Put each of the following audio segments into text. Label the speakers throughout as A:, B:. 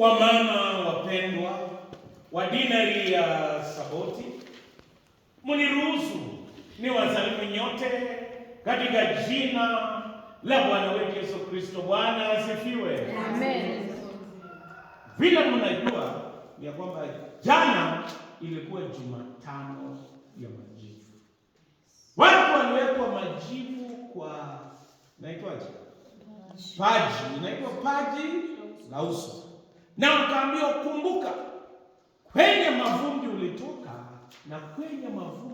A: Wamama wapendwa wa dinari ya Saboti, mniruhusu ni wasalimu nyote katika jina la Bwana wetu Yesu Kristo. Bwana asifiwe,
B: amen.
A: Vile mnajua ya kwamba jana ilikuwa Jumatano ya majivu, watu waliwekwa majivu kwa naitwaje, paji, inaitwa paji la uso na ukaambia, kumbuka kwenye mavumbi ulitoka na kwenye mavumbi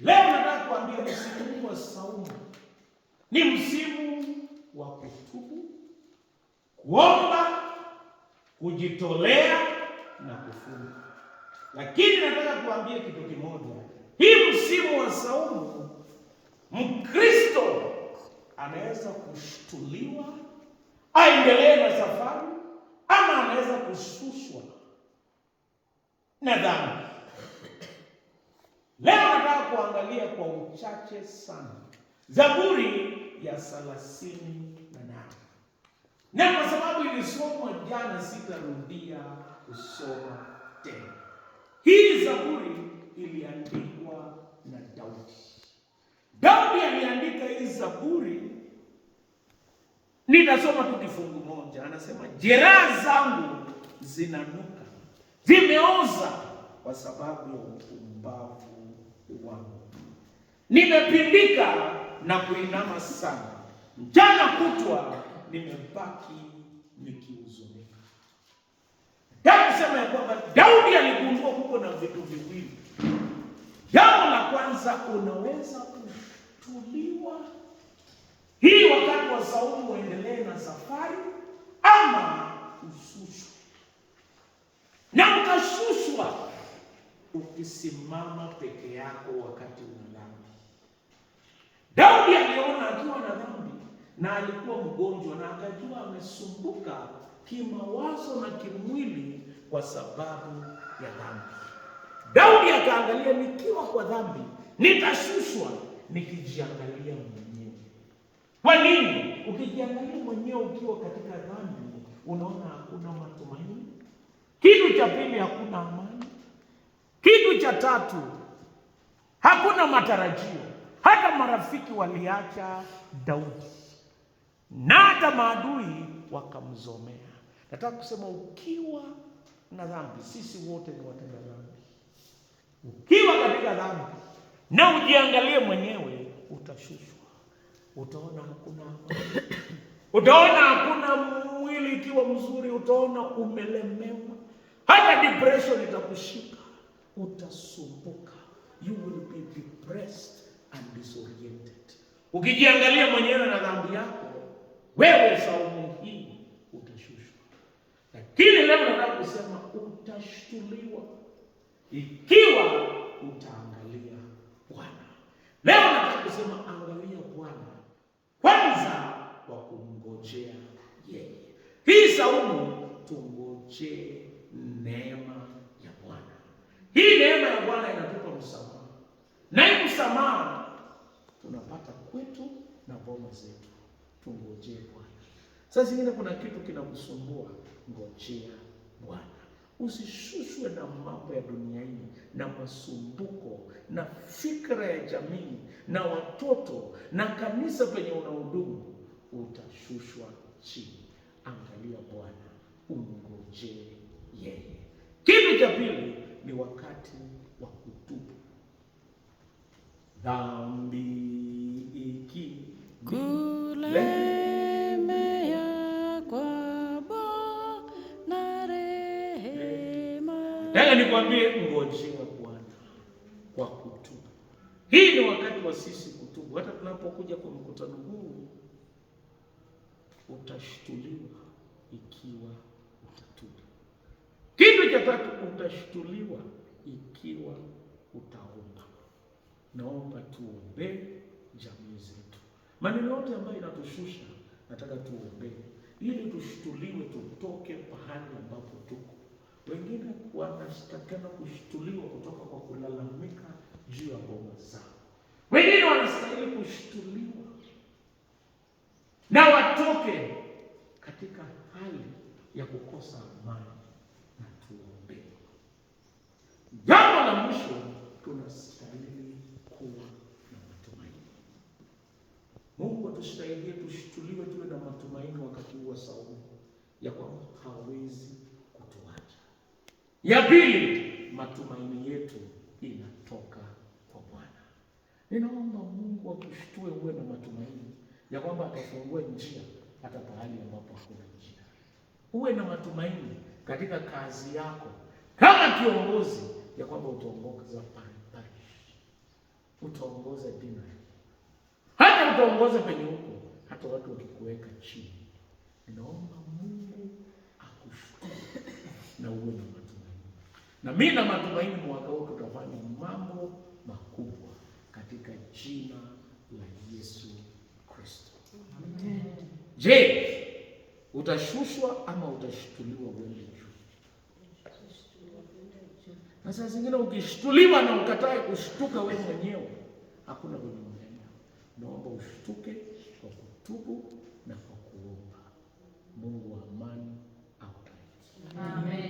A: Leo nataka kuambia msimu wa saumu ni msimu wa kutubu, kuomba, kujitolea na kufunga. Lakini nataka kuambia kitu kimoja, hii msimu wa saumu Mkristo anaweza kushtuliwa aendelee na safari ama anaweza kushushwa na dhambi. Leo nataka kuangalia kwa uchache sana Zaburi ya nane na kwa sababu ilisomwa jana, sitarudia kusoma tena. Hii Zaburi iliandikwa na Daudi. Daudi aliandika hii Zaburi fungu moja, anasema jeraha zangu zinanuka, zimeoza kwa sababu ya upumbavu wangu, nimepindika na kuinama sana, mchana kutwa nimebaki nikihuzunika. Hebu sema ya kwamba Daudi aligundua huko na vitu viwili. Jambo la kwanza, unaweza kutuliwa wa Sauli waendelee na safari ama ushushwe, na ukashushwa ukisimama peke yako wakati una dhambi. Daudi aliona akiwa na dhambi na alikuwa mgonjwa na akajua amesumbuka kimawazo na kimwili kwa sababu ya dhambi. Daudi akaangalia, nikiwa kwa dhambi nitashushwa, nikijiangalia mwenyewe kwa nini? Ukijiangalia mwenyewe ukiwa katika dhambi, unaona hakuna matumaini. Kitu cha pili, hakuna amani. Kitu cha tatu, hakuna matarajio. Hata marafiki waliacha Daudi na hata maadui wakamzomea. Nataka kusema ukiwa na dhambi, sisi wote ni watenda dhambi. Ukiwa katika dhambi na ujiangalie mwenyewe, utashushwa utaona hakuna utaona hakuna mwili ikiwa mzuri, utaona umelemewa, hata depression itakushika, utasumbuka, you will be depressed and disoriented. Ukijiangalia mwenyewe na dhambi yako wewe, saumu hii utashushwa, lakini leo nataka kusema utashtuliwa ikiwa utaangalia Bwana. Leo nataka kusema angalia kwanza kwa kumngojea yeye. Hii saumu tungojee neema ya Bwana. Hii neema ya Bwana inatupa msamaha, na hii msamaha tunapata kwetu na boma zetu. Tungojee Bwana. Saa zingine kuna kitu kinakusumbua, ngojea Bwana. Usishushwe na mambo ya dunia hii na masumbuko na fikra ya jamii na watoto na kanisa penye unahudumu, utashushwa chini. Angalia Bwana, umngojee yeye. Kitu cha pili ni wakati wa kutubu dhambi. Nataka nikwambie ngojea Bwana kwa kutubu. Hii ni wakati wa sisi kutubu. Hata tunapokuja kwa mkutano huu utashtuliwa ikiwa utatubu. Kitu cha tatu, utashtuliwa ikiwa utaomba. Naomba tuombee jamii zetu. Maneno yote ambayo inatushusha nataka tuombee, ili tushtuliwe, tutoke pahali ambapo tuko wengine wanashtakana kushtuliwa kutoka kwa kulalamika juu ya ngoma zao. Wengine wanastahili kushtuliwa na watoke katika hali ya kukosa amani. Na tuombe. Jambo la mwisho, tunastahili kuwa na matumaini. Mungu atusaidie tushtuliwe, tuwe na matumaini wakati huu wa saumu ya kwamba hawezi ya pili, matumaini yetu inatoka kwa Bwana. Ninaomba Mungu akushtue uwe na matumaini ya kwamba atafungua njia hata pahali ambapo hakuna njia. Uwe na matumaini katika kazi yako kama kiongozi ya kwamba utaongoza parish, utaongoza dina, hata utaongoza penye huko, hata watu wakikuweka chini, ninaomba Mungu akushtue na mimi na matumaini mwaka huu tutafanya mambo makubwa katika jina la Yesu Kristo. Amen. Je, utashushwa ama utashtuliwa uende juu? Na saa zingine ukishtuliwa na ukatae kushtuka wewe mwenyewe, hakuna kwenye mwenyewe. Naomba ushtuke kwa kutubu na kwa kuomba. Mungu wa amani akubariki.
B: Amen.